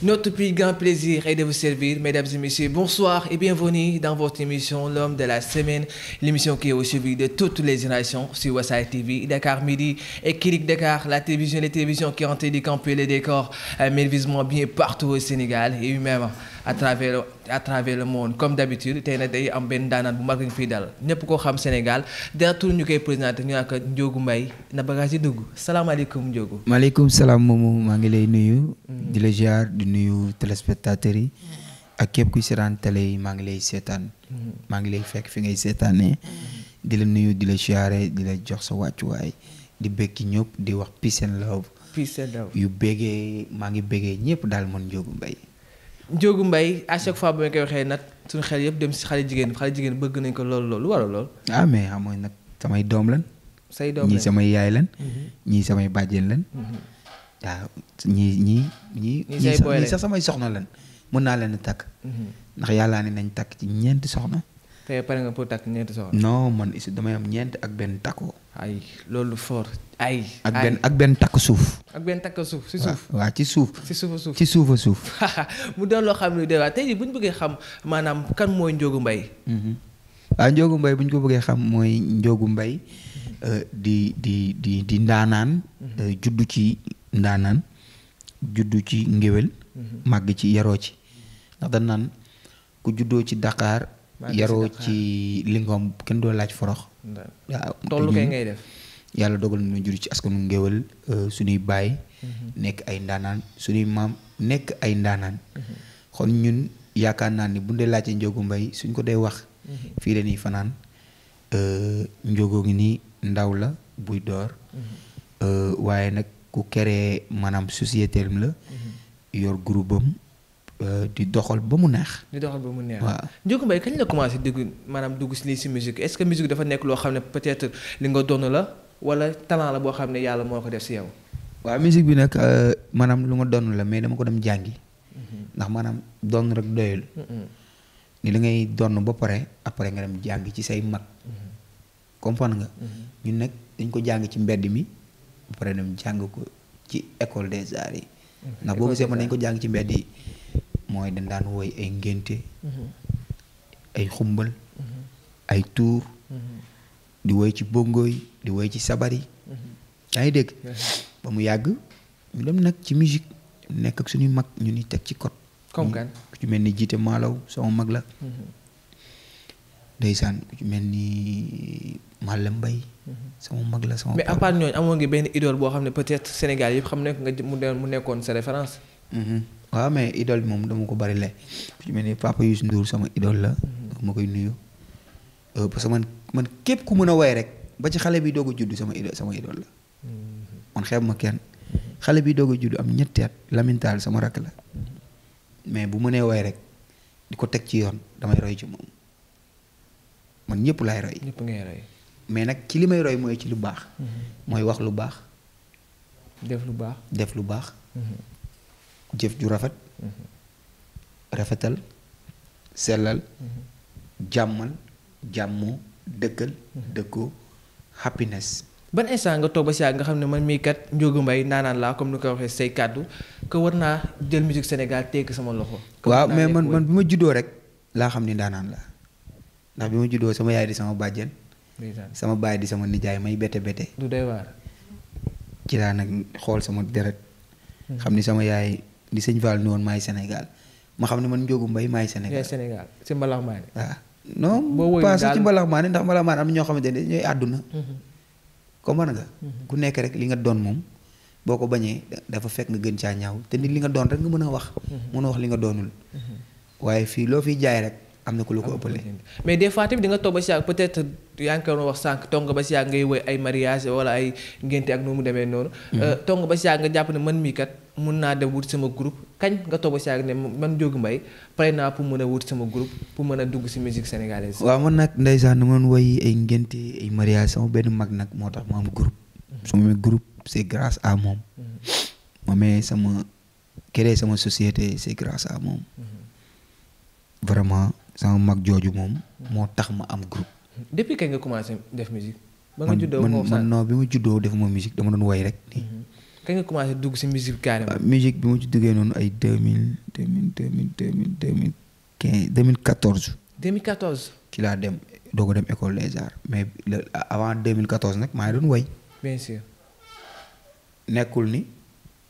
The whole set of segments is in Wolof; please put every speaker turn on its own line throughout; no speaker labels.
Notre plus grand plaisir est de vous servir, mesdames et messieurs. Bonsoir et bienvenue dans votre émission L'Homme de la semaine, l'émission qui est au suivi de toutes les générations sur Wassai TV, Dakar Midi et Kirik Dakar, la télévision, les télévisions qui ont décampé les décors, euh, mais visiblement bien partout au Sénégal et eux à travers à le monde comme d'habitude tey nag day am benn daanaan bu mag ñu fi dal ñëpp koo xam Sénégal daratul ñu koy présenté ñu naan ko Ndiogou Mbaye na bagage yi dugg salaamaaleykum Ndiogou.
maaleykum salaam moomu maa ngi lay nuyu. Mm. di la ziar di nuyu téléspectateurs yi. ak képp kuy seetaan yi maa ngi lay seetaan. Mm. maa ngi lay fekk fi ngay seetaanee. Mm. di la nuyu di la ziare di la jox sa wàccuwaay di bëgg ñëpp di wax peace and love. peace and love yu bëggee maa ngi bëggee ñëpp daal man Ndiogou mbay
Ndiogou mbay à chaque fois bu ma koy waxee nag suñu xel yëpp dem si xale jigéen xale jigéen bëgg nañ ko lool lool lu waral lool. ah mais
xam ah, nag samay doom lan. say doom lan ñii samay yaay lan. Mhm. ñii samay bàjjen lan. waaw mhm. ah, ñii ñii ñii. sax samay soxna lan mën naa leen takk. Mhm. ndax yàllaa ne nañ takk ci ñeenti soxna. tey
pare nga pour takk ñeent soxna. non
man isu damay am ñeent ak benn takkoo. ay loolu fort ay. ak benn ak benn takk suuf.
ak benn takk suuf si ci suuf. si suuf ci suufa suuf. mu doon loo xam ne de waaw tey bu ñu bëggee xam maanaam kan mooy njoogu Mbaye.
Mhm. waaw Ndiogou ko bëggee xam mooy Ndiogou Mbaye euh, di di di di ndaanaan. Mhm. Euh, juddu ci ndaanaan juddu ci ngéwél. Mhm. màgg ci yaroo ci. ndax dañ ku juddoo ci daqaar yaroo ci lingom kenn doo laaj forox. waaw tollu kay ngay def. yàlla dogal na ma jur ci askanu ngéwal euh, suñuy baay. Mm-hmm. nekk ay ndaanaan suñuy maam nekk ay ndaanaan. Mm-hmm. kon ñun yaakaar naa ni bu dee laajte Ndiogu mbay suñ ko dee wax. Mm-hmm. fii la ñuy fanaan euh, Ndiogu ngi nii ndaw la buy door. Euh, waaye nag ku keree maanaam société la. yor groupe am Euh, di doxal ba mu neex.
di doxal ba mu neex. waaw Ndioukou Mbaye kañ la commencé dugg maanaam dugg si lii si musique est-ce que musique dafa nekk loo xam ne peut-être li nga doon la wala talent la boo xam ne yàlla moo ko def si yow.
waaw musique bi nag euh, maanaam lu ma doon la mais dama ko dem jàngi. Mhm. ndax maanaam doon rek doyul. Mhm. li ngay doon ba pare après nga dem jàngi ci say mag. Mhm. comprendre nga. ñun dañ ko jàng ci mbedd mi ba pare dem jàng ko ci école des arts yi. ndax boo gisee man dañ ko jàng ci mbedd yi. mooy dañ daan woy ay ngénte mhm. ay xumbal mhm. ay tuur mhm. di woy ci bongo di woy ci sabar yi yaa ngi dégg ba mu yàgg ñu dem nag ci musique nekk ak suñuy mag ñu ni teg ci kot comme kan ku ci mel ni jiite maalaw sama mag la ndeysaan ku ci mel ni Malla Mbaye sama mag la sama mais à part amoon
ngi benn idole boo xam ne peut-être Sénégal yëpp xam ne nga mu nekkoon sa référence
Mm-hmm. waaw mais idol moom dama ko bari le ci mel ni papa Youssou Ndour sama idole la. Mm-hmm. ma koy nuyu. Euh, parce man képp ku mën a way rek ba ci xale bi doog a judd sama idole sama idole la. Mm-hmm. man xeeb ma kenn xale bi doog a judd am ñetti at lamintaal sama rakk la mais bu mënee way rek di ko teg ci yoon damay roy ci moom man ñëpp lay roy. ñëpp mais nag ci li may roy mooy ci lu baax. mooy wax lu baax. def lu baax def lu baax. jëf ju rafet rafetal sellal jàmmal jàmmoo dëkkal dëkkoo happiness
ban instant nga toog ba si yàgg nga xam ne man mii kat Ndiogou Mbaye naanaan laa comme ni ko waxee say kàddu que war naa jël musique Sénégal teg sama loxo. waaw mais man man
bi ma juddoo rek laa xam ni naanaan la ndax bi ma juddoo sama yaay di sama bàjjen. sama baay di sama nijaay may bete bette. du doy waar. ci laa nag xool sama deret. Hmm. xam ni sama yaay li sëñ Fall ni woon maay Sénégal ma xam ne man Ndiogou Mbaye maay Sénégal.
Sénégal si mbalax maane. waaw ah.
non. boo passé ci mbalax maane ndax mbalax maane am na ñoo xamante ne ñooy àdduna. Mhm. comprendre nga. Mhm. ku nekk rek li nga doon moom boo ko bañee dafa fekk nga gën caa ñaaw te nit li nga doon rek nga mën a wax. Mhm. mën a wax li nga doonul. waaye fii loo fiy jaay rek. am na ku la ko ëppale.
mais des fois tamit di nga toog ba si yàgg peut-être yaa ngi koy wax sànq toog nga ba si yàgg ngay woy ay mariage wala ay ngénte ak nu mu demee noonu. Mm-hmm. Euh, tong ba si yàgg nga jàpp ne man mii kat mun naa dem wut sama group kañ nga toog ba si yàgg ne man Ndiogou Mbaye pare naa pour mën a wut sama groupe pour mën a dugg si musique sénégalaise. waaw
man nag ndeysaan nu ma woy ay ngénte ay mariage sama benn mag nag moo tax ma am groupe. Mm-hmm. su ma groupe c'est à moom.
Mm-hmm.
ma sama créer sama société c'est sama mag jooju moom moo tax ma am groupe.
depuis kañ nga commencé def musique. ba nga juddoo man man
non bi ma juddoo defuma musique dama doon woy rek. Mhm.
kañ nga commencé dugg si musique
carrément. Ah, musique bi ma ci duggee noonu ay deux mille deux mille deux mille mille deux mille quinze
deux
laa dem doo ko dem école des arts mais avant deux mille quatorze nag maa doon woy. bien sûr. nekkul ni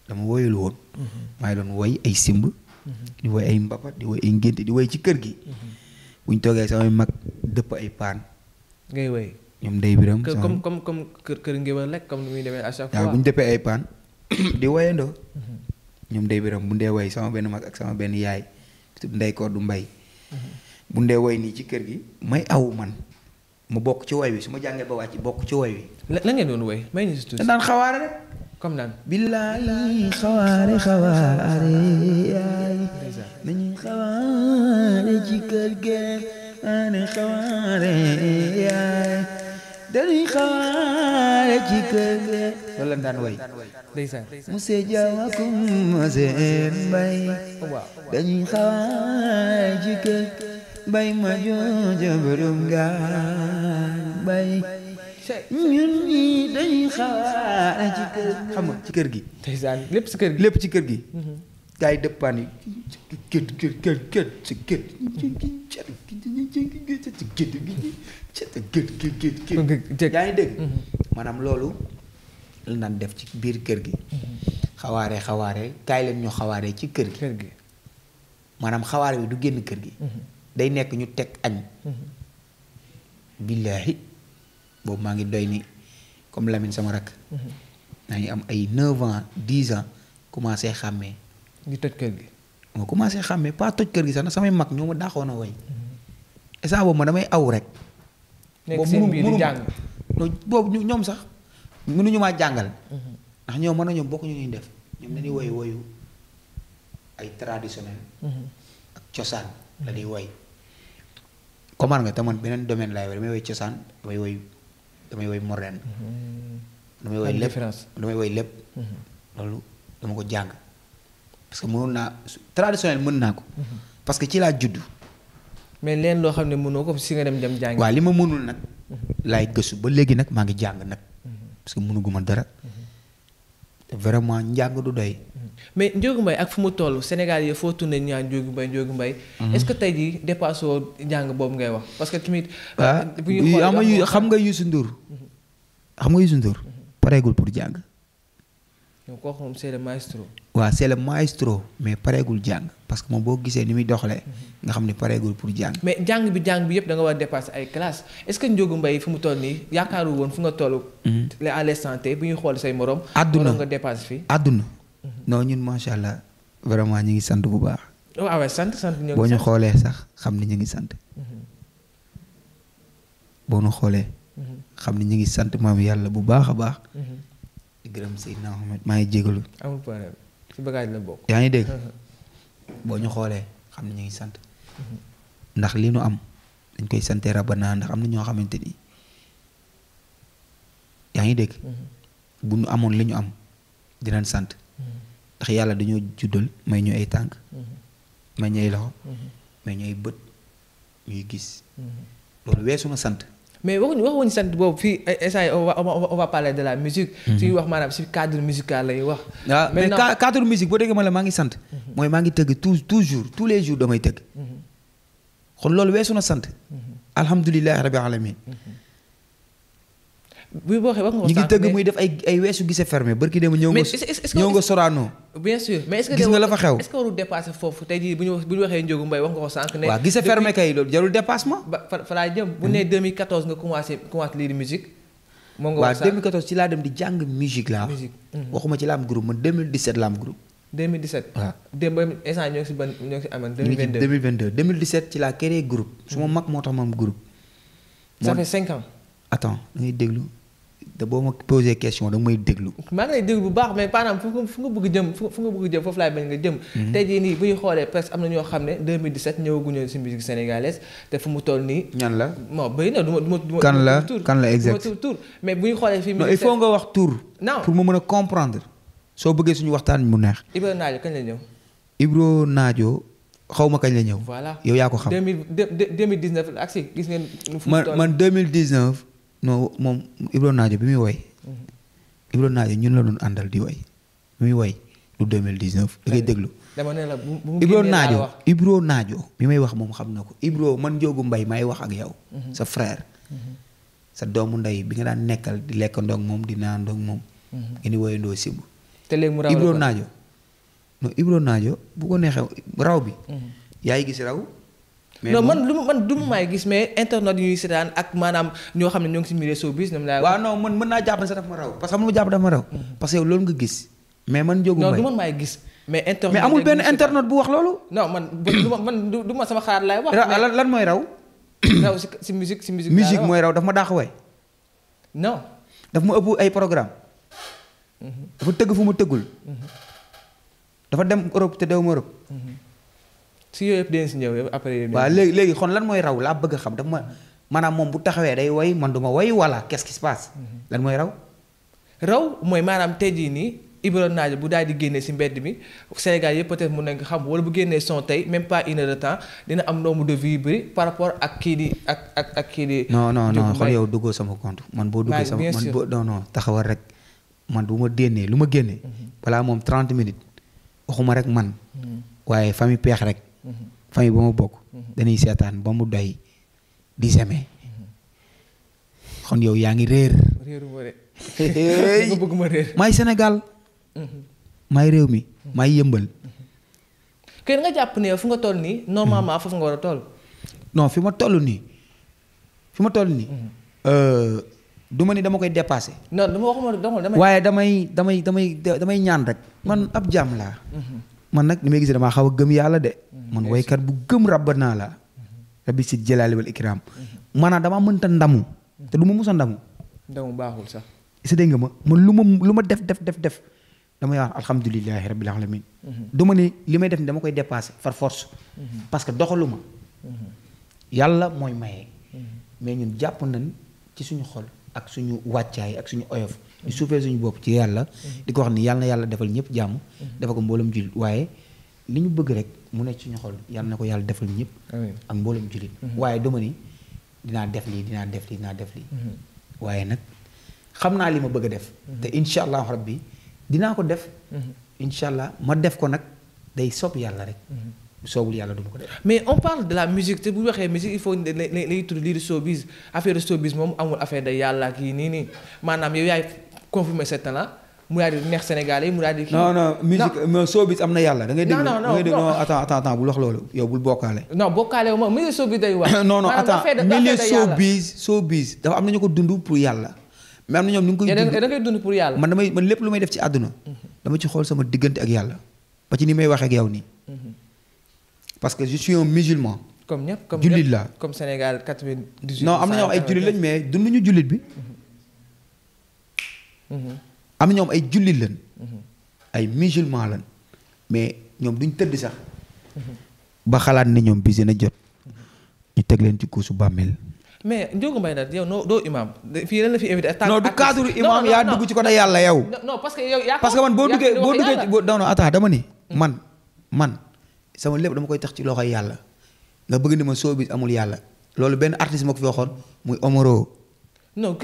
dama woyul woon. Mhm. maa doon woy ay simb. di woy ay mbapat di woy ay ngénte di woy ci kër gi. bu ñu toogee samay mag dëpp ay paan. ngay woy ñoom day biram. comme
comme comme kër kër ngéwél rek comme ni muy demee à chaque fois. waaw bu dëppee
ay paan di woyandoo. Mhm. ñoom day biram bu ndee woy sama benn mag ak sama benn yaay ndey koor du mbay. Mhm. bu ndee woy nii ci kër gi may aw man. mu bokk ci woy wi su ma jàngee ba wàcc bokk ci woy wi. la ngeen doon woy may daan xawaare rek. comme naan xawaare xawaare yaay nañu xawaare ci kër nañu xawaare yaay dañuy xawaare ci kër gee loolu la daan way ndeysaan dañuy xawaare ci kër ma jooja borom gaal ñun ñii dañuy xawaare ci kër gi. ndeysaan lépp ci kër gi lépp ci kër gi. gars yi dëppaan yi. kër kër kër kër maanaam loolu la naan def ci biir kër gi. xawaare xawaare kaay leen ñu xawaare ci kër gi. kër gi maanaam xawaare bi du génn kër gi. day nekk ñu teg añ. billaahi. boobu maa ngi doy ni comme Lamine sama rakk. Mhm. maa ngi am ay 9 ans 10 ans commencé xàmmee. di toj kër gi. ma commencé xàmmee pas toj kër gi sax na samay mag ñoo ma daaxoon a way. Mhm. instant boobu ma damay aw rek.
nekk seen biir di jàng
boobu ñoom sax mënuñu maa jàngal. Mhm. ndax ñoom mën na ñoom bokkuñu ñuy def ñoom dañuy woy woyu ay traditionnel. ak cosaan la ñuy woy. comment nga te man beneen domaine laay woy damay woy cosaan damay woy. damay woy moreen mhm. damay woy lépp damay woy lépp loolu dama ko jàng parce que mënoon naa traditionnel mën naa ko mhm. parce que ci laa juddu
mais leen loo xam ne mënoo ko si dem dem li
ma mënul nag mhm. laay gëstu ba léegi nag maa ngi jàng nag parce que mënuguma dara te vraiment njàng du doy.
mais Ndiogou Mbaye ak fu mu toll Sénégal yi foo tourné ñu naan Ndiogou Mbaye Ndiogou mhm. est-ce que tey jii dépassé njàng boobu ngay wax parce que tamit.
Ah, bu ñu xoolee xam nga Youssou Ndour. Mhm. xam nga Youssou Ndour mhm. pareegul pour jàng.
koo xam c'est le maestro.
waaw mais pareegul jàng parce que moom boo gisee ni muy doxalee. Mhm. nga xam ne pareegul pour jàng.
mais jàng bi jàng bi yëpp da nga war a dépasser ay classes est-ce que Ndiogou Mbaye fi mu toll nii yaakaaru woon fu nga toll. Mhm. à l'instant T bu ñu xool say morom. àdduna nga dépassé fii
àdduna. Mhm. non ñun macha allah vraiment ñu ngi sant bu baax.
waaw ah waaw sant sant ñoo ngi boo ñu xoolee
sax xam ni ñu ngi sant. boo nu xoolee. xam ni ñu ngi sant maam yàlla bu baax a baax. di gërëm Seydina Mohamed maa ngi jégalu. amul problème ci yaa ngi dégg boo ñu xoolee xam ne ñu ngi sant mhm. ndax li nu am dañ koy sante rabbana ndax am na ñoo xamante ni yaa ngi dégg. Mhm. bu ñu amoon li ñu am dinañ sant. Mhm. ndax yàlla dañoo juddal may ñu ay tànk. may ñu ay loxo. may ñu ay bët ñuy gis. loolu weesu na sant.
mais waxuñu waxuñu sant boobu fii eh, eh, instant on va parler de la musique. Mhm. suñu wax maanaam si cadre musical lay wax. waaw ah, mais
cadre musique boo déggee ma la maa ngi sant. Mhm. mooy maa ngi tëgg tout toujours tous les jours damay tëgg. Mhm. kon loolu weesu na sant. alhamdulilah rabi alamin bu waxee wax nga ko. ñu ngi tëgg muy def ay weesu gise fermé barki dem ñëw ñëw nga Sorano.
bien sûr mais gis nga la fa xew. bu ñu waxee Ndiogou Mbaye wax nga ko sànq. ne waaw gise fermé kay loolu jarul dépassement. ba fa fa laa jëm bu nee hmm. 2014 nga commencé commencé lii di musique. moom nga wax waaw 2014
ci laa dem di jàng musique laa. Hmm. waxuma ci la am groupe man 2017 la am groupe.
2017.
waaw ci laa créé groupe. su ma hmm. mag moo tax ma am groupe. ça te boo ma posé question da may déglu.
maa ngi lay déglu bu baax mais maanaam fu fu nga bëgg jëm fu nga bëgg jëm foofu laay bañ nga jëm. Mhm. tey jii nii bu ñu xoolee presque am na ñoo xam ne 2017 ñëwaguñu si musique sénégalaise te fu mu toll nii. ñan la bon bëri na du ma du ma. kan la kan la tur mais bu ñu xoolee fii. non il faut nga wax tur.
non pour ma mën a comprendre. soo bëggee suñu waxtaan mu neex. Ibro Naajo kañ la ñëw. non moom Ibro Naajo bi muy woy mm-hmm. Ibro Naajo ñun la doon àndal di woy bi muy woy du 2019 da ngay déglu
dama ne la bu bu
Ibro Naajo Ibro Naajo bi may wax moom xam na ko Ibro man Njoogu Mbay may wax ak yow mm-hmm. sa frère mm-hmm. sa doomu ndey bi nga daan nekkal di lekk ndoog moom di naan ndoog moom ngeen di woyandoo sibb te léegi mu raw Ibro Naajo non Ibro Naajo bu ko raw bi yaay gis raw non man
lu man du may gis mais internet yu ñuy seetaan ak maanaam ñoo xam ne ñoo ngi si milieu showbiz ñoom laa. waaw non
man mën naa jàpp ne sax dafa ma raw parce que xam nga jàpp dafa ma raw. Mhm. gis. mais man Ndiogou Mbaye non du man
maay gis. mais internet mais benn
internet bu wax
loolu. non man du ma man du ma sama xalaat laay wax. lan lan mooy raw. raw si si musique si mooy
raw daf ma daax way. ma ëpp ay programme mhm. dafa tëgg fu ma tëggul. Mhm. dafa dem Europe te dewuma Europe. si yooyu yëpp dinañ si ñëw yëpp après. waaw léegi léegi kon lan mooy raw laa bëgg a xam daf ma maanaam moom bu taxawee day way man du ma way wala qu'est-ce qui se passe. Mhm. lan mooy raw. raw mooy
maanaam tey jii nii Ibra Naajo bu daal di génnee si mbedd mi Sénégal yëpp peut-être mun nañ xam wala bu génnee son tey même pas une heure de temps am nombre de vues par rapport ak kii di ak ak kii di. non non non yow
duggoo sama compte. man boo duggee sama man boo non non taxawal rek man bu ma dénnee lu ma génnee. Mhm. balaa moom 30 minutes waxuma rek man. Mhm. waaye famille peex rek. famille ba ma bokk mhm. dañuy seetaan ba mu doy di seme mhm. kon yow yaa ngi réer may Sénégal may mhm. réew mi maay yëmbal
kenn nga jàpp ne fu nga toll nii normalement foofu nga war a toll
non fi ma toll nii fi ma toll nii euh, du ma ni dama koy dépassé.
non dama waxuma damay waaye
damay damay damay ñaan rek man ab jaam laa man nag ni may gis damaa xaw a gëm yàlla de. Mm-hmm. man waykat bu gëm naa la. Mm-hmm. rabbi si jëlaali wal ikraam. Mm-hmm. maanaam damaa mënta ndamu. te lu ma musa ndamu.
ndamu baaxul sax.
si dégg nga ma man lu ma lu ma def def def def damay wax alhamdulilahi rabbil alamin du ma ne li may def ni dama koy dépassé par force. parce que doxalu ma. yàlla mooy maye. mais ñun jàpp nañ ci suñu xol ak suñu wàccaay ak suñu oyof. di suufee suñu bopp ci yàlla di ko wax ni yàlla yàlla defal ñëpp jàmm dafa ko mboolem jullit waaye li ñu bëgg rek mu ne suñu xol yàlla na ko yàlla defal ñëpp ak mboolem jullit mhm. waaye dama ni dinaa def lii dinaa def lii dinaa def lii mhm. waaye nag xam naa li ma bëgg a def mhm. te incha allah rabbi dinaa ko def incha ma def ko nag day sopp yàlla rek soobul yàlla du ko def. mais on parle de la musique te bu ñu waxee musique il faut ne ne lay tudd lii di showbiz
affaire de moom amul affaire de yàlla ak nii nii maanaam yow yaay confirmer sa talent mu daal neex Sénégal yi mu daal kii non
musique mais am na yàlla. da ngay dégg non non non pour yàlla. mais am na ñoom ñu ngi koy dund da dund pour yàlla. man damay man lépp lu may def ci àdduna. Mhm. dama ci xool sama diggante parce que je suis un musulman.
comme ñëpp comme jullit la comme Sénégal 98. non mm-hmm.
am na ñoom ay jullit lañ mais dunduñu jullit bi.
am mm-hmm.
ñoom ay jullit lañ. ay musulman lañ mais ñoom duñ tëdd sax. Mm-hmm. ba xalaat ni ñoom bis na jot. ñu teg leen ci kuusu bàmmeel.
mais Ndiogou Mbaye nag du cadre imaam yaa dugg ci côté yàlla yow. non que parce que man boo duggee boo duggee
non non dama ni man man. sama lépp dama koy tax ci loxo yàlla nga bëgg ni ma soo bis amul yàlla loolu benn artiste moo ko fi waxoon muy Omaro.
non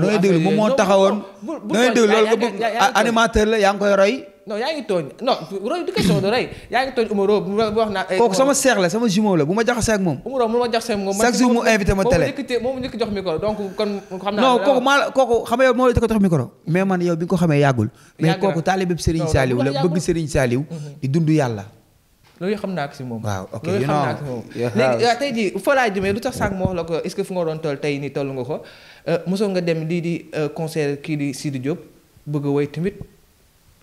dangay déglu moom moo taxawoon. bu bu dangay déglu loolu nga bëgg animateur
la yaa ngi koy roy.
non yaa ngi tooñ non roy du bu wax naa. Eh, kooku sama
seex la sama jumeau la bu ma jaxasee ak moom.
Omaro mu ma jaxasee ak moom. chaque jour mu invité ma télé moom njëkk jox micro donc kooku maa
kooku xam nga yow moo jox micro. mais man yow bi nga ko xamee yàggul. mais kooku taalibe Serigne Saliou la bëgg Serigne Saliou mhm. di dund yàlla
loolu xam naa ko si moom. waaw ah, tey jii fa laa jëmee lu tax sànq ma la ko est-ce que fu nga doon toll tey ko euh, mosoo nga dem lii di euh, concert kii di Sidi Diop bëgg a woy tamit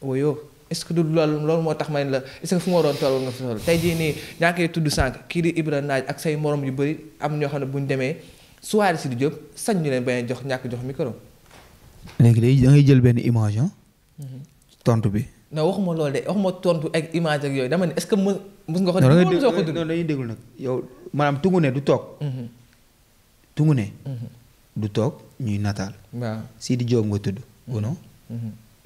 woyoo est-ce que du loolu loolu moo tax ma ne la est-ce que fu nga doon toll tey jii nii ñaa ngi tudd sànq kii di Ibra Naaj ak say morom yu bëri am ñoo xam ne bu ñu demee soirée Sidi Diop sañ ñu leen bañ jox ñàkk jox micro.
léegi da ngay jël benn image ah, mhm. tontu bi.
non waxuma loolu de waxuma tontu ak image ak yooyu dama ne est-ce que mës
mës nga ko. non dañuy déglu nag yow maanaam tungu ne du toog. Mm-hmm. tungu ne. Mm-hmm. du toog ñuy nataal. waaw Sidi Diop mu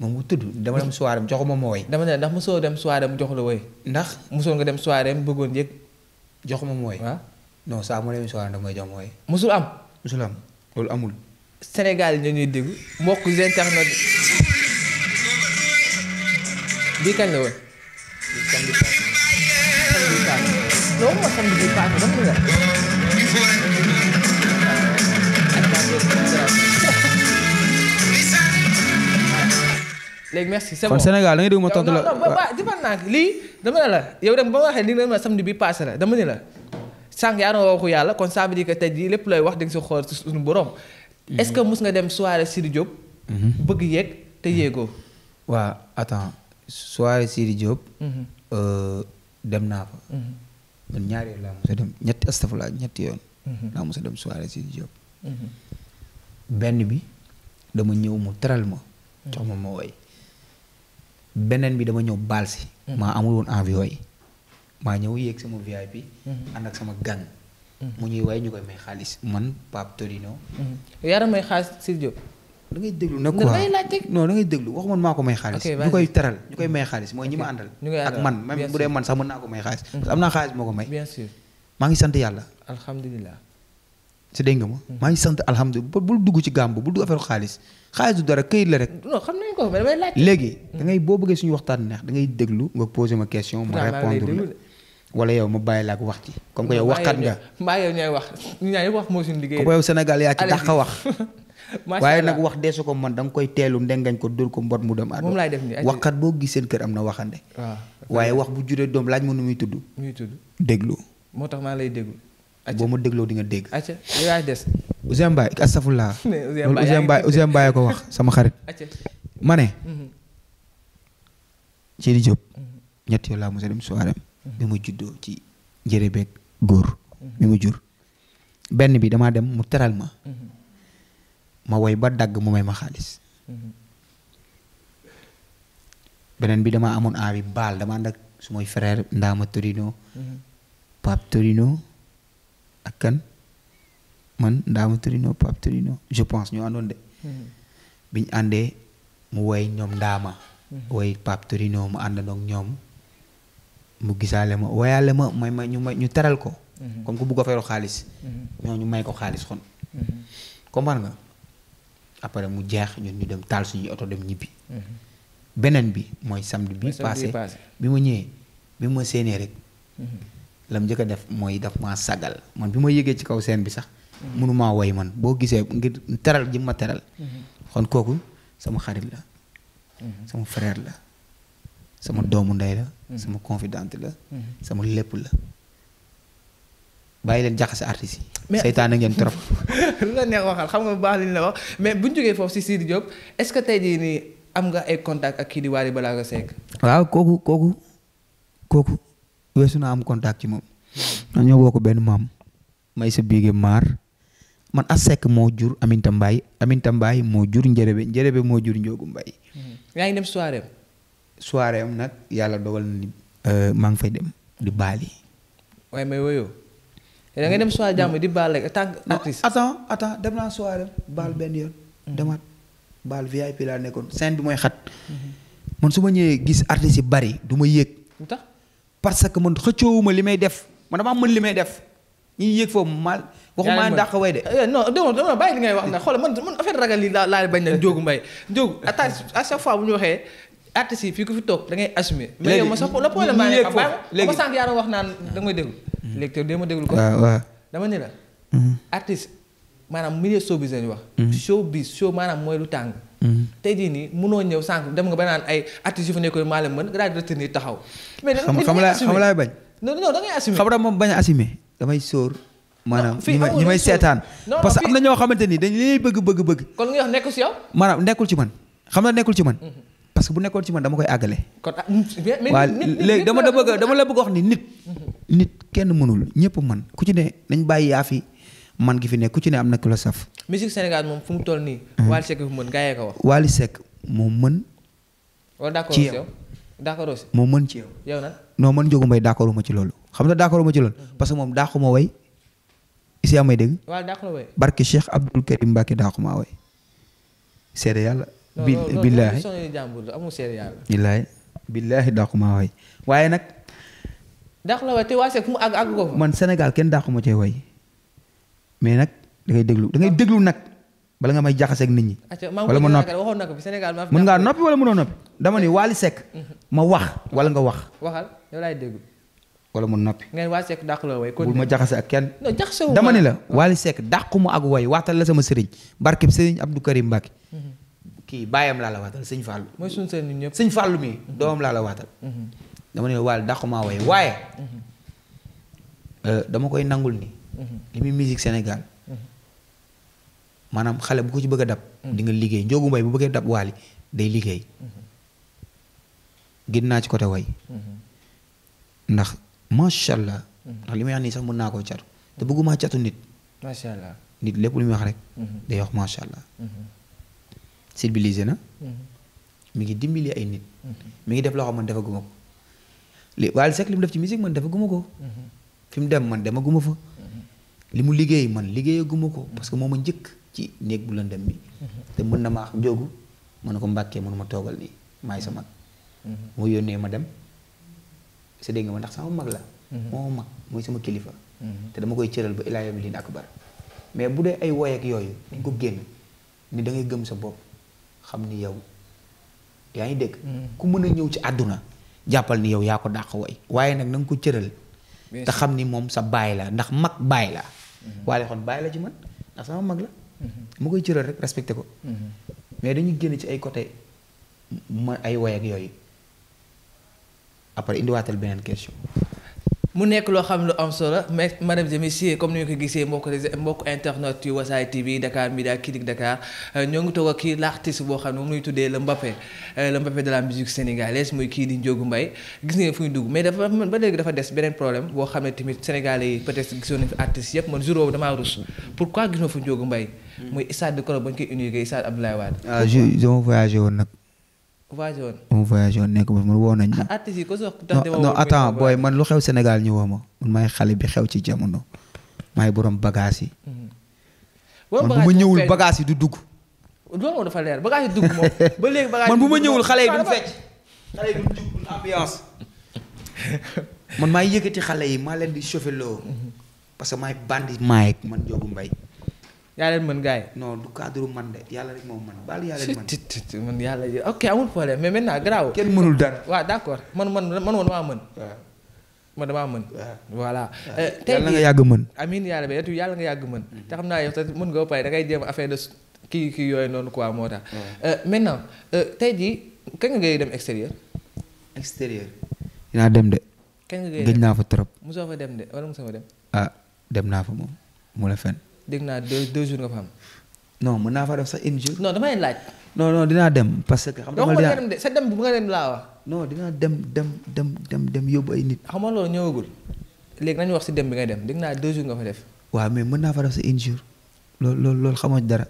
mm-hmm. tudd dama dem
soirée am joxuma ma woy. dama ne ndax mosoo dem soirée am jox la woy. ndax mosoo nga dem soirée am ma woy. waaw non saa ma dem ma woy. mosul am.
mosul am loolu amul.
Sénégal yi ñoo ñuy déglu mbokk internet. bii kañ la woon. bii
samedi paase.
la waaw lii dama ne bi paase la dama ne la sànq yaa noo waxu yàlla kon ça veut dire que tey jii lépp looy wax di mhm. nga si xool si sunu borom. est-ce que mus nga dem soirée Sidi Diop. bëgg yéeg te yéegoo.
soirée Sidi Diop. Mhm. Euh, dem naa fa. Mhm. man ñaari laa mos a dem ñetti astafurla ñetti yoon. Mhm. laa mos a dem soirée Sidi Diop. benn bi dama ñëw mu teral ma. jox ma ma woy beneen bi dama ñëw baal si. maa amul woon envie maa ñëw yéeg sama VIP. ànd ak sama gang. mu ñuy way ñu koy may xaalis man Pape Torino. yaa may xaalis Sidi Diop. da ngay déglu nag quoi non da ngay déglu waxu man maa ko may xaalis ñu koy teral ñu koy may xaalis mooy ñi ma àndal ak man même bu dee man sax mën naa ko may xaalis mhm. parce que am xaalis moo ko may bien sûr yàlla
alhamdulilah
si nga ma maa ngi sant alhamdulilah mhm. bul dugg ci gàmb bul dugg xaalis xaalis du dara këyit la rek
non xam ko damay léegi
mhm. da ngay boo bëggee suñu waxtaan neex da ngay déglu nga posé ma question ma répondre la wala yow bàyyi la ak wax ci comme que yow waxkat nga
mbaa yow ñooy wax ñooy wax moo suñu liggéey comme yow Sénégal yaa
ci dàq wax
waaye nag
wax deesu ko man da nga koy teelu ndengañ ko dóor ko mbot mu dem. moom laay def nii waxkat boo gis seen kër am na waxande. Ah, waaye wax bu juree doom laaj ma nu muy tudd. muy tudd déglu. moo tax maa lay déglu. boo ma dégloo di nga dégg. acca yow yaa des. Ousseyn Mbaye astafurlah. Ousseyn Mbaye Ousseyn Mbaye ko wax sama xarit. ma ne. Sidi mhm. Diop. Mhm. ñett yow laa mos a dem soirée mhm. bi mu juddoo ci njëriñ beeg góor. bi mu jur benn bi damaa dem mu teral ma. ma woy ba dagg mu may ma xaalis beneen bi dama amoon envie baal dama ànd ak su may frère Ndaama Torino Pape Torino ak kan man Ndaama Torino Pape Torino je pense ñu àndoon de biñ àndee mu woy ñoom Ndaama woy Pape Torino mu àndandoog ñoom mu gisaale ma woyaale ma may ma ñu may ñu teral ko mhm. comme ku bugg a feeru xaalis mhm. ñoo ñu may ko xaalis xon mhm. comprendre nga après mu jeex ñun ñu dem taal suñuy oto dem ñibbi. Mhm. beneen bi mooy samedi bi passé bi ma ñëwee bi ma séenee rek. Mhm. la mu njëkk a def mooy daf maa sagal man bi ma yëgee ci kaw seen bi sax. mënumaa mhm. woy man boo gisee ngir teral ji ma teral. kon kooku sama xarit la. sama frère la. sama doomu ndey la. sama confidente la. sama lépp la. bàyyi leen jaxase artistes yi. mais seytaane ngeen trop.
lu la neex waxal xam nga bu baax li ñu la wax mais bu ñu jógee foofu si Sidy Diop est-ce que tey jii nii am nga ay contact ak kii di balaa Ballago sekk
waaw kooku kooku kooku weesu naa am contact ci moom. man hmm. ñoo ko benn maam. may sa biige maar. man as Seck moo jur Aminta Mbaye Aminta Mbaye moo jur Njërebe Njërebe moo jur Njóogu Mbaye. Hmm. yaa ngi dem soirée am. soirée nag yàlla dogal na ni. Euh, maa ngi fay dem di baali. waaye da ngay dem soirée jàmm di baal rek tant que artiste. attends attends dem naa soirée baal benn yoon. Mm-hmm. demaat baal VIP laa nekkoon scène bi mooy xat. Mm-hmm. man su ma ñëwee gis artistes yi bari du ma yéeg. lu tax parce que man xëccoowuma li may def man damaa mën li may def ñiy yéeg foofu mal. waxuma maa dàq way de. Eh, non non non bàyyi li ngay wax nag xoolal man man affaire ragal lii laa laay bañ nag Ndiogou Mbaye Ndiogou à chaque fois
bu ñu waxee artistes yi fii ku fi toog da ngay assumer. mais yow ma la problème maa léegi ma sànq wax naan da nga may déglu. léegi te ko.
waaw ne la. Mm-hmm.
artiste maanaam milieu showbiz la ñuy wax. Mm-hmm. showbiz show maanaam mooy lu tàng. Mm-hmm. tey jii nii mënoo ñëw sànq dem nga ba naan ay artistes yu fa nekkoon maa leen mën nga daal di retenir taxaw. mais nag nit ñi nga xam bañ.
non non da ngay assumer xam a assumer may seetaan parce que am na ñoo xamante ni dañ lay bëgg bëgg bëgg.
kon nga wax nekkul ci
maanaam nekkul ci man xam na nekkul ci man parce que bu nekkoon ci man dama koy àggale.
kon ah, waa léegi dama la bëgg dama la bëgg wax ni nit. Mm-hmm.
nit kenn mënul ñëpp man ku ci ne nañ bàyyi yaa fi man gi fi nekk ku ci ne am na ku la saf.
musique moom fu mu toll nii. Mm-hmm. Wally Seck fi mën ko wax.
Wally Seck mën.
wala ci yow d'accord aussi moo mën ci yow. yow nag
non man Ndiogou Mbaye d'accord ma ci loolu. xam nga d'accord ma ci loolu. Mm-hmm. parce que moom daaxuma way. isi amay dégg. waaw daaxuma way. barke Cheikh Abdoul Karim Mbacke daaxuma way. seede yàlla. bi billaahi billaahi billaahi dàqu maa way waaye nag.
dàqu la way te waase ku mu àgg àgg ko fa.
man Sénégal kenn dàqu ma cee way mais nag da ngay déglu da ngay déglu nag bala nga may jaxaseeg nit ñi.
wala ma noppi waxoon na ko fi Sénégal mën ngaa noppi
wala mënoo noppi. dama ni Wally mhm. ma wax wala nga wax.
waxal laay déglu. wala mu noppi. ngeen Wally Seck dàqu la way. ma
jaxase ak kenn. non jaxase la Wally Seck dàqu ma ak way waxtaan la sama sëriñ barkeb sëriñ Abdou Karim Mbacke mhm. kii bàyyam laa la waatal sëñ Fallou. mooy suñu seen ñun ñëpp sëñ Fallou mi doomam laa la waatal. Mm-hmm. dama ne waal dàqu maa waaye. Mm-hmm. Euh, dama koy nangul ni. Mm-hmm. li muy musique Sénégal. maanaam xale bu ko ci bëgg a dab. di nga liggéey Ndiogou Mbaye bu bëggee dab waali day liggéey. gën naa ci côté way. ndax macha allah. ndax li may wax nii sax mën naa koo catu te bëgguma catu nit. nit lépp lu muy wax rek. day wax macha allah. civilisé na.
mu mhm.
ngi dimbali ay nit. Mhm. mi ngi def loo xam man dafa guma ko. li Wally Seck li mu def ci musique man dafa guma ko. Mhm. fi mu dem man dama guma fa. li mu liggéey man liggéeya guma ko parce que moo ma njëkk ci néeg bu lëndëm bi. te mën na maa wax njóogu mën na ko mbàkkee mënu ma toogal nii maay sa mag. moo yónnee ma dem sa dégg nga ma ndax sama mag la. moo mag mooy sama kilifa. te dama koy cëral ba ilaa yawmi diin akbar mais bu dee ay woy ak yooyu dañ ko génn da ngay gëm sa bopp. xam ni yow yaa ngi dégg. Mm. ku mën a ñëw ci àdduna jàppal ni yow yaa ko dàq woy waaye nag na nga ko cëral. te xam ni moom sa baay la ndax mag baay la. Mm-hmm. waaye xoon baay la ci man ndax sama mag la. Mm-hmm. mu koy cëral rek respecté ko. Mm-hmm. mais dañuy génn ci ay côté ma ay way ak yooyu après indiwaatal beneen question.
mu nekk loo xam lu am solo mais madame et messieurs comme ni ñu ko gisee mbokk mbokk internet yu Wassare TV Dakar Media Click Dakar euh, ñoo ngi toog ak kii l'artiste boo ne moom la ñu tuddee le Mbappé euh, le Mbappé de muy kii di Ndiogou mbay gis ngeen fu ñu dugg mais dafa ba léegi dafa des beneen problème boo xam ne tamit sénégalais yi peut-être gisoon nañu fi artistes yëpp man jour boobu rus pourquoi gisoo fu Ndiogou Mbaye hmm. muy stade de Coro ba ñu koy inauguré stade Abdoulaye Wade. Ah,
woon nag. voyagé woon. mu voyagé woon nekk man woo nañ ma.
Ah, artistes yi ko booy
man lu xew Sénégal ñu ma man maay xale bi xew ci jamono maay borom bagage yi.
Mm-hmm. man bu ma ñëwul bagage yi du dugg. loolu moom dafa leer bagage yi dugg moom man bu ma ñëwul xale yi duñ
yi duñ jug ambiance. man maay yëkkati xale yi maa leen di chauffé loo mm-hmm. parce que bandi maay man Ndiobou Mbaye yaa leen mën gaa yi. non du cadre man de yàlla moom man baal man man yàlla ok amul
problème mais maintenant garaaw. kenn mënul dara. waaw d' accord man man man woon damaa mën. man damaa mën.
voilà. Euh, tey yàlla nga yàgg mën.
amin yàlla ba yow yàlla nga yàgg mën. Mhm. te xam naa yow tamit mën nga ba pare da ngay jéem affaire de kii kii yooyu noonu quoi moo tax. Euh, maintenant euh, tey jii kañ ngay dem extérieur. extérieur.
dinaa dem de. kañ nga gëj naa fa trop.
musoo fa dem de wala mosoo fa dem.
ah dem naa fa moom mu la fen
dégg naa deux deux jours
nga fa am. non mën naa fa def sax une jour. non damay laaj. non non dinaa dem parce que. xam nga dinaa dem sa dem bu nga dem laa wax. non dinaa dem dem dem dem dem yóbbu ay nit. xam nga loolu ñëwagul
léegi nañu wax si dem bi nga dem dégg naa deux jours nga fa def.
waa mais mën naa fa def sa une jour loolu loolu loolu xamoo dara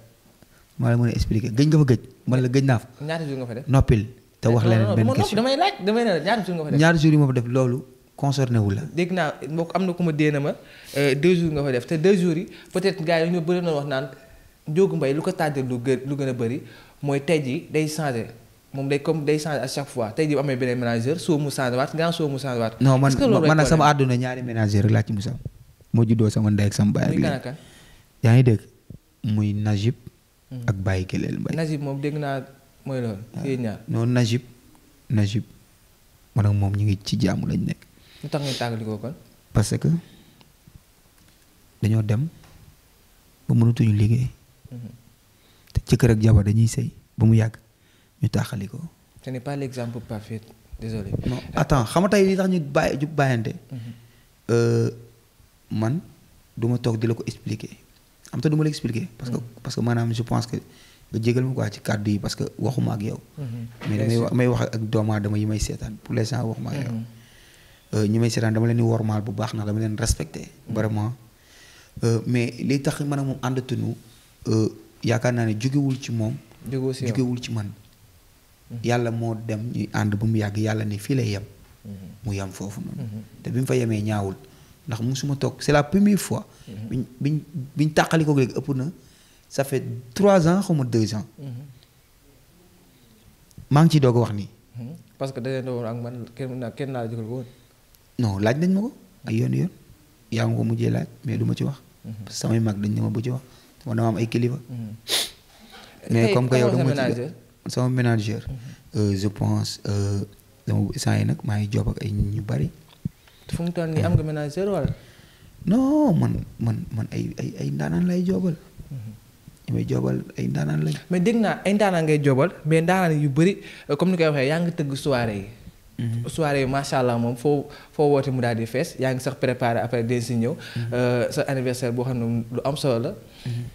maa la mën a expliquer gëj nga fa gëj man la gëj naa fa. ñaata jours nga fa def noppil. te wax leneen benn question damay
laaj damay ne la ñaata jours nga fa def. ñaata
jours yi ma def loolu concerné wu la.
dégg naa mbokk am na ku ma déena ma euh, deux jours nga fa def te deux jours yi peut-être gars yi ñu bëri na wax naan Ndiogou Mbaye lu ko tàddee lu gën lu gën a bëri mooy tey jii day changé moom day comme day changé à fois tey jii bu amee beneen ménageur soo mu changé waat grand soo mu changé waat. non man man nag sama àdduna ñaari ménageur rek laa ci
musam moo juddoo sama ndey ak sama baay ak yaa ngi dégg muy Najib. Hmm. ak Baye Keleel Mbaye.
Najib moom dégg naa mooy loolu. waaw non
Najib Najib man ak moom ñu ngi ci jaamu lañu nekk.
lu tax ngeen tàggalikoo
kon.
parce que dañoo dem ba mënatuñu liggéey. Mhm. te jëkkër ak jabar dañuy sëy ba mu yàgg ñu tàqalikoo.
ce n'est pas l'exemple parfait désolé.
non xam nga tey li tax ñu bàyyi bàyyante. Mhm. Euh, man du toog di la ko expliquer am te du ma la expliquer. Mhm. parce que maanaam je pense que nga jégal ma quoi ci kàddu yi parce que waxuma ak yow. mais damay wax damay wax ak doomu aadama yi may seetaan pour l'instant waxuma ak yow. ñi may dama leen wormaal bu baax ndax dama leen respecté vraiment euh, mais li tax man a moom àndatunu euh, yaakaar naa ne jógewul ci moom jógewul ci man mm-hmm. yàlla moo dem ñuy ànd bu mu yàgg yàlla ne fii lay yem
mm-hmm.
mu yem foofu noonu mm-hmm. te bi mu fa yemee ñaawul ndax musuma toog c'est la première fois biñ biñ biñ tàqali ko léegi ëpp na ça fait trois ans xaw ma deux ans maa ngi ciy a wax
nii
non laaj nañ ma ko ay yoon yoon yaa ngi ko mujjee laaj mais du ma ci wax. Mhm. parce que samay mag dañ ne ma bu ci wax man dama ay kilifa. Mhm. mais comme que yow dama ci sama ménageur. Mhm. Euh, je pense euh, dama saa yi nag maa ngi job ay nit ñu bari.
fu am nga ménageur wala.
non man man ay ay ay ndaanaan lay joobal. ñu may ay ndaanaan lañ.
mais dégg naa ay ndaanaan ngay joobal mais ndaanaan yu bëri comme ni koy waxee yaa ngi tëgg soirée yi. soirée macha allah moom foo foo woote mu daal di fees yaa ngi sax préparé après dee si ñëw. Euh, sa anniversaire boo xam ne lu am solo la.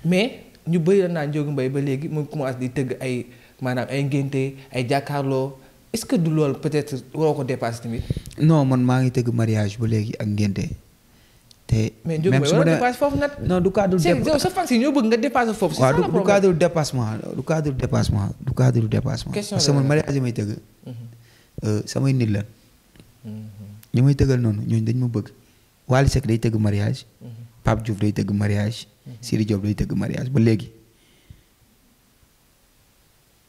mais ñu bëri la naan Ndiogou Mbaye ba léegi mu commencé di tëgg ay maanaam ay ngénte ay jàkkaarloo est-ce que du lool peut-être waroo ko dépassé tamit.
non man maa ngi tëgg mariage ba léegi ak ngénte. te même su ma demee foofu nag. non du cadre dépassement sa
fan si ñoo bëgg nga
dépassé foofu. c'est ça le problème waaw
du cadre dépassement du cadre du cadre may tëgg. Euh, samay nit la
ñu mm-hmm.
may tëggal noonu ñooñu dañ ma bëgg Wally Seck day tëgg mariage mm-hmm. Pape Diouf day tëgg mariage mm-hmm. Sidi Diop day tëgg mariage ba léegi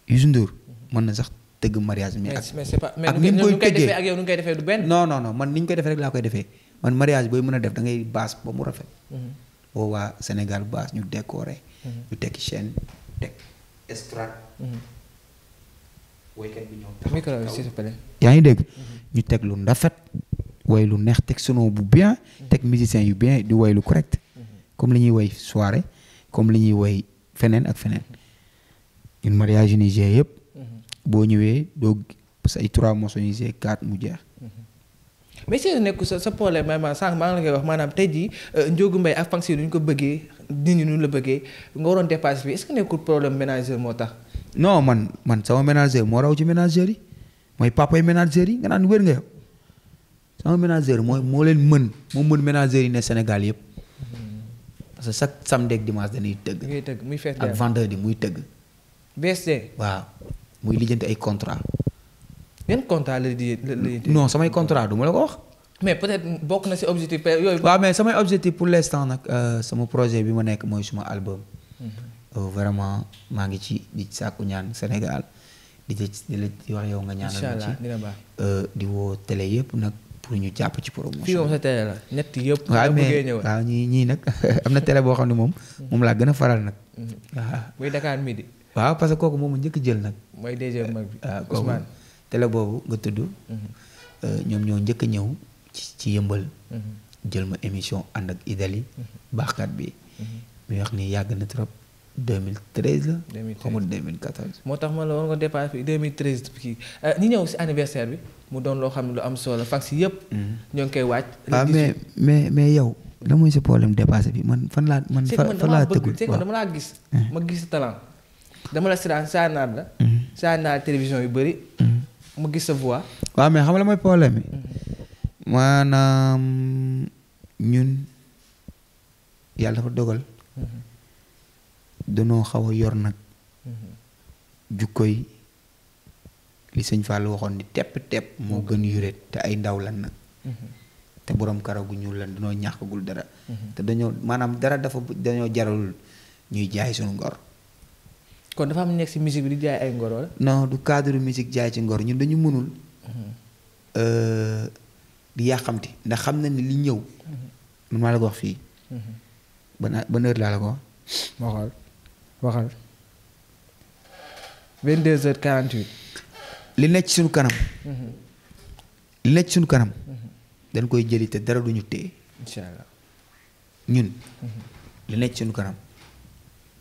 Youssou Ndour mën na sax tëgg mariage mais ak ak ni ñu ak yow koy defee du benn non non man ni ñu defee rek defee man mariage booy mën a def da ngay baas ba mu rafet woo waa Sénégal baas ñu décorer ñu tekki chaîne teg woykat
bi ñëw micro bi s'il vous plaît
yaa ngi dégg mhm. ñu teg lu rafet woy lu neex teg sono bu bien mhm. teg musicien yu bien di woy lu correct mhm. comme li ñuy woy soirée comme li ñuy woy feneen ak feneen ñun mariage yu ni g yëpp boo ñëwee doo parce que ay trois morceaux yu ni g quatre mu jeex
mais si nekku sa sa problème vraiment maa ngi la wax maanaam tey jii euh, Ndiogou Mbaye ak Fancy duñ ko bëggee nit ñi ñu la bëggee nga waroon dépassé bi est-ce que nekkul problème ménageur moo tax
non man man sama ménageur moo raw ci ménageur yi mooy papay ménageur yi nga naan wér nga yow sama ménageur mooy moo leen mën moo mën ménageur yi ne Sénégal yëpp parce que chaque samedi ak dimanche dañuy tëgg. muy
tëgg muy fête ak muy tëgg. BST.
waaw muy lijjanti ay contrat
yan contrat la di
non samay contrat du ma la wax.
mais peut-être bokk na ci objectif yooyu. waaw
mais samay objectif pour l'instant nag euh, sama projet bi ma nekk mooy suma album. Mhm. Euh, vraiment maa ngi ci di sàkku ñaan Sénégal di di la di wax yow nga ñaanal ci euh, di woo télé yëpp nag pour ñu jàpp ci promotion fii moom sa télé la ñett yëpp waaw mais waaw ñii nag am na télé boo xam ne moom mm-hmm. moom laa gën a faral nag waaw
mm-hmm. ah. muy Dakar Midi
waaw parce que kooku moom njëkk jël nag
mooy deuxième mag bi
ah, boobu nga tudd mm-hmm. euh, ñoom ñoo njëkk ñëw ci ci yëmbal jël ma émission ànd ak idali baaxkat bi muy wax ni yàgg na trop la. 2013
moo tax ma la war nga dépassé fii 2013 kii euh, ñi ñëw si anniversaire bi mu doon loo xam ne lu am solo vaccin yëpp. Mhm. ñoo ngi koy waaj. ah
mais mais mais yow. la mooy sa problème dépassé bi man fan laa man. fan laa tëggul waaw dama
laa mhm. talent. dama la siraan saa naat la. Mhm. saa naat télévision yu bëri. ma gis sa voix.
waaw mais xam nga la mooy problème maanaam ñun yàlla dafa dogal. danoo xaw a yor nag mhm. jukkoy li sëñ lu waxoon ni tepp tepp moo gën yuréet te ay ndaw lan nag mhm. te boroom karaw gu ñuul lan danoo ñàkkagul dara mhm. te dañoo maanaam dara dafa dañoo jaralul ñuy jaay suñu ngor
kon dafa am nekk ci musique bi di jaay ay ngor wala
non du cadre musique jaay ci ngor ñun dañu mënul euh, di yàqamti ndax xam na ni li ñëw man maa la fii ban ban laa la ko waxal. 22h48. li nekk suñu kanam. Mhm. li nekk suñu kanam. Mhm. dañ koy jëli te dara duñu
téye. incha allah ñun. Mhm.
li nekk suñu kanam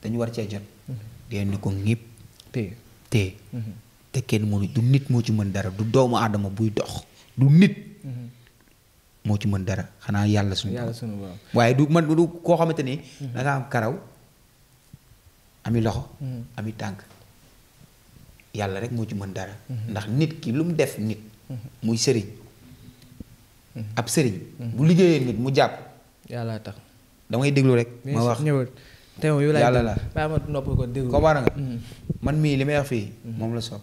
dañu war cee jot. dinañ ni ko ñépp. téye te kenn mënu du nit moo ci mën dara du doomu aadama buy dox du nit. moo ci mën dara xanaa yàlla suñu. yàlla
suñu waaye du man du
koo xamante ni. da am karaw. ami loxo hmm. ami tànk yàlla rek moo ci mën dara hmm. ndax nit ki lu mu def nit hmm. muy sëriñ ab sëriñ bu liggéeyee nit mu jàpp yàlla tax damay déglu rek ma wax yàlla la comprendre nga man mii li may wax fii moom la soob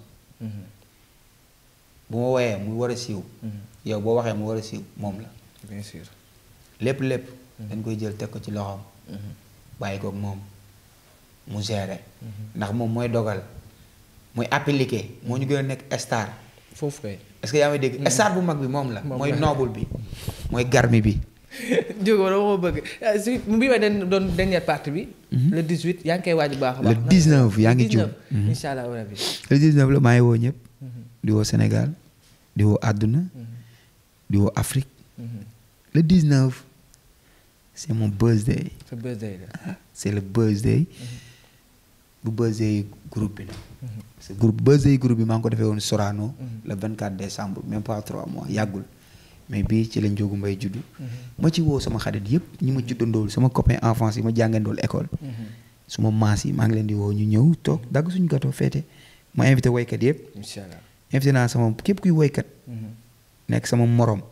bu ma woyee mu war a siiw yow boo waxee mu war a siiw moom la lépp lépp dañ koy jël teg ko ci loxoom bàyyi koog moom mu gérer. Mhm. ndax moom mooy dogal muy appliqué moo ñu gën a nekk star. foofu kay est-ce que yaa may dégg mhm. star bu mag bi moom la. mooy noble bi mooy garmi bi.
Diogo dama ko bëgg euh, si bii may den bi. Mhm. le 18 yaa ngi koy waaj bu baax a baax. le 19 yaa ngi jiw incha allah rabi.
le 19 la maa ngi woo ñëpp. di woo Sénégal di woo àdduna. di woo Afrique. le 19 c'est mon birthday. sa la. Ah, le birthday. bu buzzee groupe bi la. parce que groupe buzzee groupe bi maa ngi ko defee woon Sorano. Mhm. le 24 décembre même pas 3 mois yàggul. mais bii ci la Ndiogou Mbaye juddu. Mhm. ma ci woo sama xarit yëpp ñi ma juddandool sama copain enfance yi ma jàngandool école. Mhm. suma maas yi maa ngi leen di woo ñu ñëw toog dagg suñu gâteau féete. ma invité woykat yëpp. incha allah invité naa sama képp kuy woykat. nekk sama morom.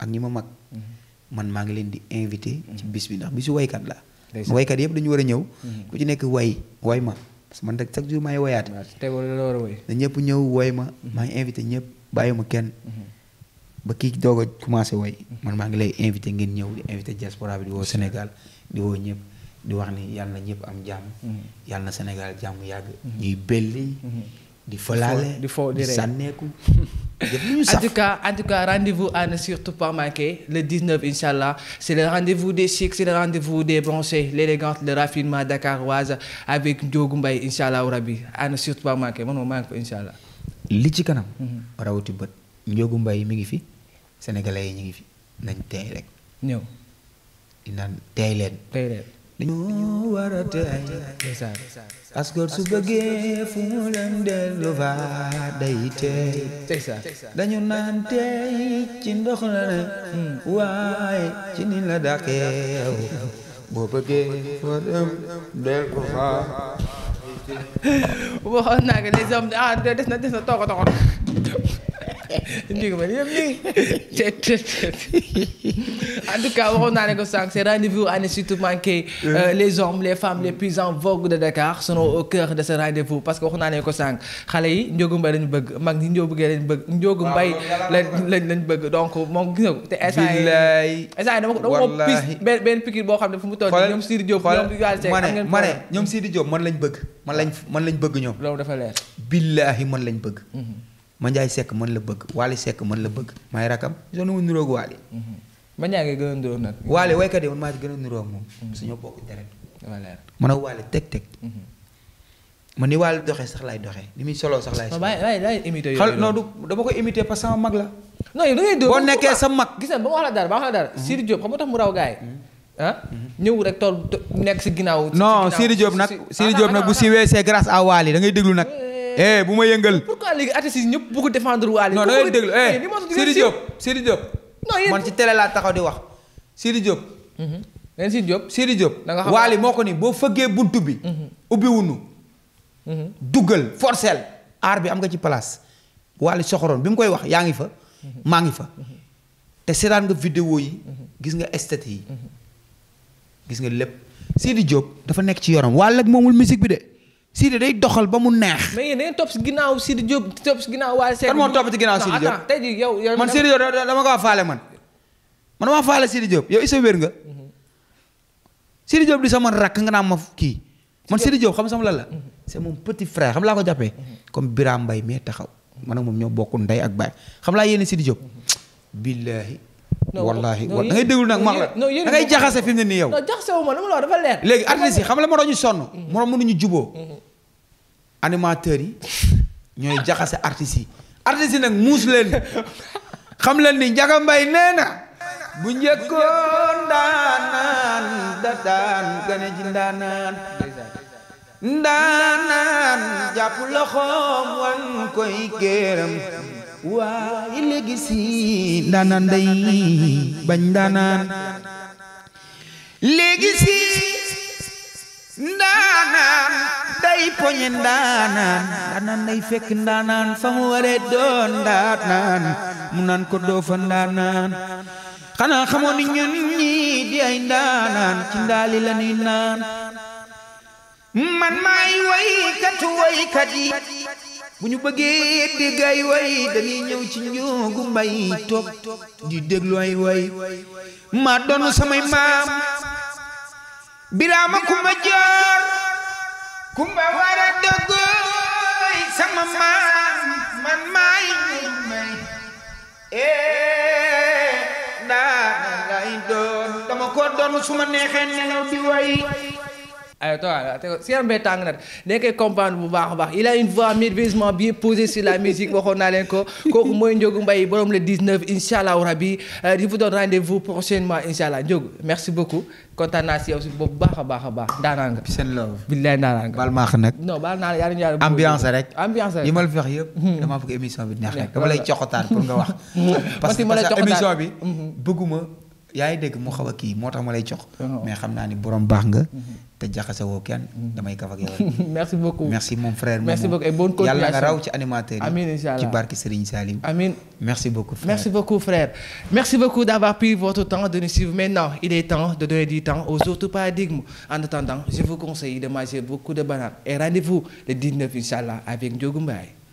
ak ñi ma mag. man maa ngi leen di invité. ci bis bi ndax bisu woykat la woykat yëpp a parce man nag chaque jour maay woyaate da ñëpp ñëw woy ma mhm. maa ngi invité ñëpp bàyyiwuma kenn mhm. ba kii doog a commencé woy mhm. man maa ngi lay invité ngeen ñëw di invité diaspora bi di woo Sénégal di woo ñëpp di wax ni yàlla na ñëpp am jàmm yàlla na Sénégal jàmm yàgg ñuy belli di falaale di sànneeku
en tout cas en tout cas rendez-vous à surtout pas manquer le 19 incha allah c'est le rendez-vous des chics c'est le rendez-vous des bronzés l'élégance le raffinement dakaroise avec Ndiogou Mbaye incha allah rabi à surtout pas manquer man maa ngi ko incha allah.
li ci kanam. rawati bët Ndiogou Mbaye mi ngi fi sénégalais yi ñu ngi fi nañ teey rek. ñëw. teey leen. dañu warate ay ndeysaan asgor su bëggee fu mu leen dellu fa day teey dañu naan teey ci ndox la ne waaye ci ni la dàqeew boo bëggee fu mu dellu fa
waxoon naa ko les hommes ah des na des na toog ndigu ma yëpp nii en tout naa ne ko sànq c'est rendez-vous année surtout manqué euh, les hommes les fem les plus en vogue de Dakar sont au cœur de ce parce que waxoon naa ne ko sànq xale yi Ndiogou Mbaye lañ bëgg mag ñi Ndiogou Mbaye lañ bëgg Ndiogou Mbaye lañ lañ lañ bëgg donc moom gis ko te instant yi instant yi dama ko dama ko pis benn benn boo xam ne fu mu toll ñoom Sidi ñoom Waly Seck
man lañu bëgg man lañ man lañ bëgg ñoom loolu dafa leer billaahi man lañ bëgg mm-hmm. Mandiaye Seck mën la bëgg Waly Seck mën la bëgg maay rakam soo nu mu niroog Waly. Mhm. Mandiaye ngay gën a niroog nag. Waly waykat yi man maa gën a niroog moom. Mhm. suñoo bokk deret. voilà man ak Waly mhm. ni Waly doxee sax lay doxee ni muy solo sax laay. waaw waay waay yooyu non du dama ko imité parce que sama mag la. non yow da ngay dóor ah? nekk
si ginnaaw. si ginnaaw non Sidi nag Sidi Diop nag ah, ah, bu
siiwee c'est grâce à Waly da ngay déglu nag eh bu ma yëngal. pourquoi léegi artistes yi ñëpp bëgg défendre Wally. non da ngay déglu eh Sidi Diop laa taxaw di wax Sidi Diop. leen mhm. Sidi Diop da nga moo ko ni boo fëggee buntu bi. Mhm. ubbi wunu mhm. duggal forcel aar bi am nga ci place. Wally soxoroon bi mu koy wax yaa ngi fa. maa ngi fa. te seetaan nga vidéo yi. gis nga esthétique yi. gis nga lépp Sidi Diop dafa nekk ci yoram Wally ak moomul musique bi de. Sidi day doxal ba mu neex. mais yéen da ngeen topp si ginnaaw Sidi Diop topp si ginnaaw waa Sèye. kan moo topp si ginnaaw Sidi Diop non ah, attends ah,
tey jii yow. yow man Sidi Diop
dama ko faale man man dama faale Sidi Diop yow isa wér nga. Mhm. rakk nga naan ma kii. man Sidi Diop xam la. Mhm. xam laa ko jàppee. Mhm. comme Biram mbay mee taxaw. man na moom ñoo bokk ndey ak baay xam laa yéene Sidi Diop. billaahi. wallahi da ngay déglu nag max la da ngay jaxase fi mu ne nii yow. non
jaxase wu ma la wax dafa leer. léegi artistes yi xam
la ma doon ñu sonn. mënuñu juboo animateurs yi ñooy jaxase artistes yi muus leen xam leen ni Ndiaga Mbaye nee na bu njëkkoon ndaanaan da daan gane ji ndaanaan ndaanaan jàpp loxoom wan koy kéeram waaye léegi si ndaanaan day bañ ndaanaan léegi si ndaanaan day poñe ndaanaan ndaanaan day fekk ndaanaan fa mu waree doon ndaanaan mu naan ko doo fa ndaanaan xanaa xamoon ni ñii di ay ndaanaan ci naan man maay waykatu waykat yi bu ñu bëggee dégg ay way dañuy ñëw ci ñoogu mbay toog di déglu ay way maa doonu samay maam biraama kuma jaar kumba war a doggooy sama maam man maay
ñuy may
ee eh, ndaa ngay doon dama ko doon su ma neexee nelaw di way
ay ah, toi si yaram bee tàng na dañ koy comprendre bu baax a baax il a une voix merveilleusement bien waxoon naa leen ko kooku mooy Ndiogou Mbaye borom le 19 incha allah rabi di euh, vous donne rendez-vous prochainement incha allah merci beaucoup kontaan naa si yow si boobu baax a baax a baax daanaa nga. seen love billaay daanaa
nga. baal maax nag.
non baal ambiance rek ambiance rek ma
yëpp. Hmm. damaa bëgg émission bi neex rek dama lay coxotaan pour nga wax. Hmm. parce hmm. yaa ngi dégg mu xaw a moo tax ma lay cox. Oh. mais xam naa ni borom baax nga. te jaxasewoo kenn damay kaf ak yow. merci beaucoup merci mon frère. merci beaucoup et bonne continuation yàlla nga raw ci animateur yi. amiin incha allah ci barke Serigne Salim. amiin merci beaucoup
frère. merci beaucoup d'avoir pris votre
temps de nous suivre
maintenant il est temps de donner du temps aux autres paradigmes en attendant je vous conseille de manger beaucoup de bananes et rendez-vous le 19 incha allah avec Ndiogou Mbaye.